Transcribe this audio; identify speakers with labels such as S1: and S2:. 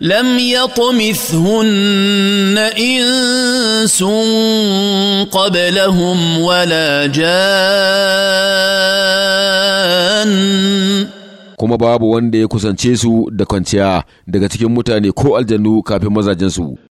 S1: لم يطمثهن انس قبلهم ولا جان
S2: kuma babu wanda ya kusance su da kwanciya daga cikin mutane ko aljanu kafin mazajensu